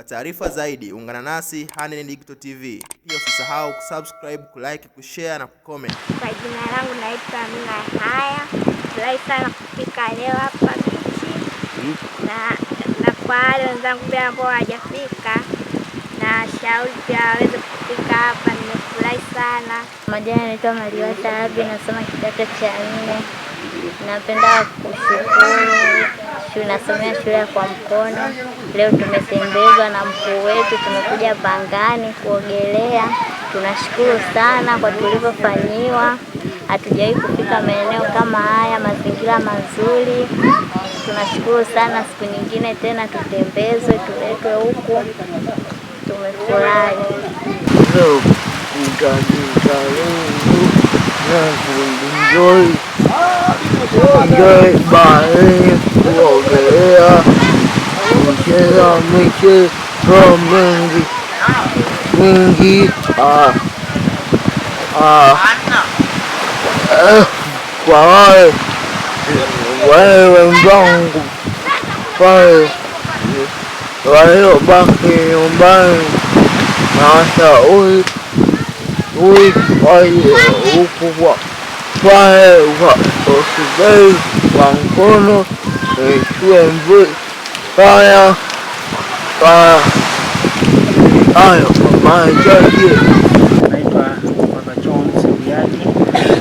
Kwa taarifa zaidi ungana nasi Hanen Digital TV. Pia usisahau kusubscribe, kulike, kushare na kucomment. Kwa jina langu naitwa Amina haya Furahi sana kufika leo hapa bichi na, na kwa wale wenzangu pia ambao hawajafika na shauri pia waweze kufika hapa. Nimefurahi sana. Majina naitwa Mariwata Abi, nasoma kidato cha nne. Napenda kushukuru nasomea shule ya kwa mkono. Leo tumetembezwa na mkuu wetu, tumekuja Pangani kuogelea. Tunashukuru sana kwa tulivyofanyiwa, hatujawahi kufika maeneo kama haya, mazingira mazuri. Tunashukuru sana, siku nyingine tena tutembezwe, tuletwe huku. Tumefurahi. vui vui chơi bài của thế mình chơi là mình chơi cho mình đi mình đi à à quả ơi quả ơi vòng phải phải ở bắc thì ở bắc mà sợ ôi Louis huku pale wasugei wa mkono ikiwa paya ayo majaji. Naitwa Paka Jones Mbiaji,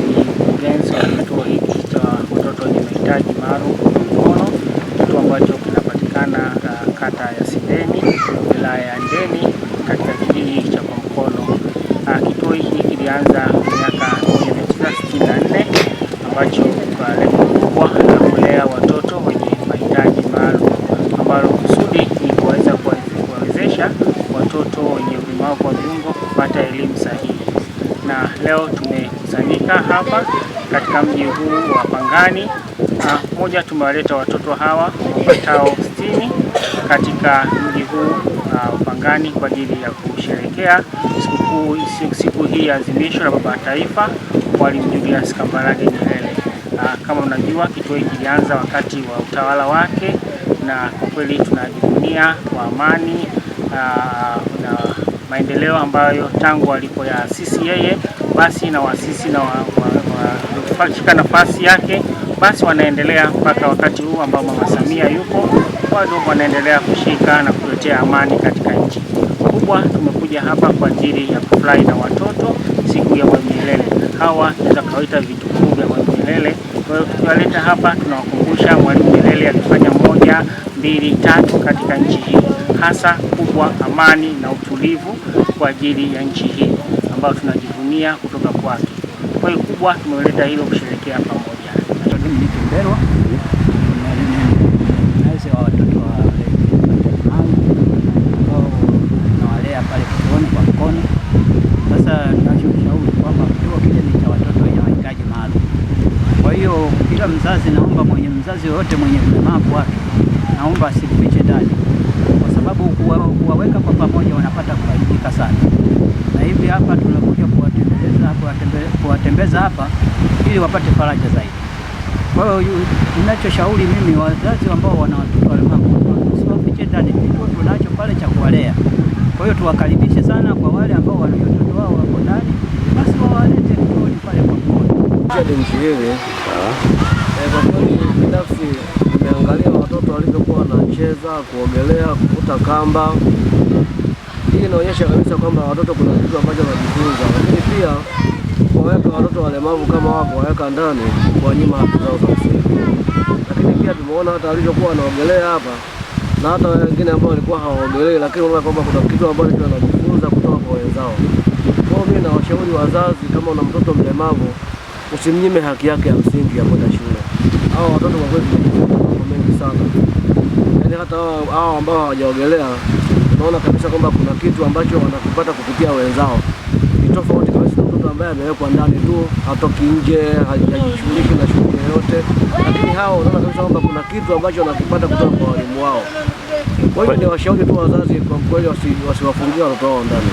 ni mkurugenzi wa kituo hiki cha watoto wenye mahitaji maalum Mkono, kituo ambacho kinapatikana uh, kata ya Sideni wilaya ya ndeni ambacho kwa lengo kubwa la kulea watoto wenye mahitaji maalum, ambalo kusudi ni kuweza kuwawezesha watoto wenye ulemavu wa viungo kupata elimu sahihi. Na leo tumekusanyika hapa katika mji huu wa Pangani. na Moja, tumewaleta watoto hawa wapatao sitini katika mji huu uh, Pangani kwa ajili ya kusherehekea sikukuu siku hii ya azimisho la Baba wa Taifa Mwalimu Julius Kambarage Nyerere. Aa, ah, kama unajua kituo hiki kilianza wakati wa utawala wake, na kwa kweli tunajivunia kwa amani ah, na maendeleo ambayo tangu alipoyaasisi yeye, basi na waasisi na walioshika nafasi yake basi wanaendelea mpaka wakati huu ambao Mama Samia yuko bado wanaendelea kushika na kutetea amani katika nchi kubwa. Tumekuja hapa kwa ajili ya kufurahi na watoto hawa za kuwaita vitukuu vya Mwalimu Nyerere. Kwa hiyo tukiwaleta hapa, tunawakumbusha Mwalimu Nyerere alifanya moja, mbili, tatu katika nchi hii, hasa kubwa amani na utulivu kwa ajili ya nchi hii ambayo tunajivunia kutoka kwake. Kwa hiyo kubwa tumeleta hilo kusherekea pamoja. mzazi, naomba mwenye mzazi yoyote mwenye ulemavu wake, naomba asifiche ndani, kwa sababu kuwaweka kwa pamoja wanapata kufaidika sana. Na hivi hapa tunakuja kuwatembeza kuwatembeza hapa ili wapate faraja zaidi. Kwa hiyo ninachoshauri mimi, wazazi ambao wana watoto walemavu usiwafiche ndani, kituo tunacho pale cha kuwalea. Kwa hiyo tuwakaribishe sana. Kwa wale ambao wana watoto wao wako ndani, basi wawalete kituoni pale kwa pamoja. Kwa kweli binafsi nimeangalia watoto walivyokuwa wanacheza, kuogelea, kukuta kamba. Hii inaonyesha kabisa kwamba watoto kuna vitu ambavyo wanajifunza, lakini pia kuwaweka watoto walemavu kama wako waweka ndani kwa nyuma zao za msingi. Lakini pia tumeona hata walivyokuwa wanaogelea hapa na hata wengine ambao walikuwa hawaogelei, lakini unaona kwamba kuna kitu ambacho wanajifunza kutoka kwa wenzao. Kwa hiyo mimi nawashauri wazazi, kama una mtoto mlemavu usimnyime haki yake ya msingi ya kwenda shule hao watoto kwa kweli mambo mengi sana, yaani hata hao ambao hawajaogelea unaona kabisa kwamba kuna kitu ambacho wanakipata kupitia wenzao, ni tofauti kabisa na mtoto ambaye amewekwa ndani tu, hatoki nje, hajishughuliki na shughuli yoyote, lakini hao unaona kabisa kwamba kuna kitu ambacho wanakipata kutoka kwa walimu wao. Kwa hiyo ni washauri tu wazazi kwa kweli, wasiwafungie watoto wao ndani.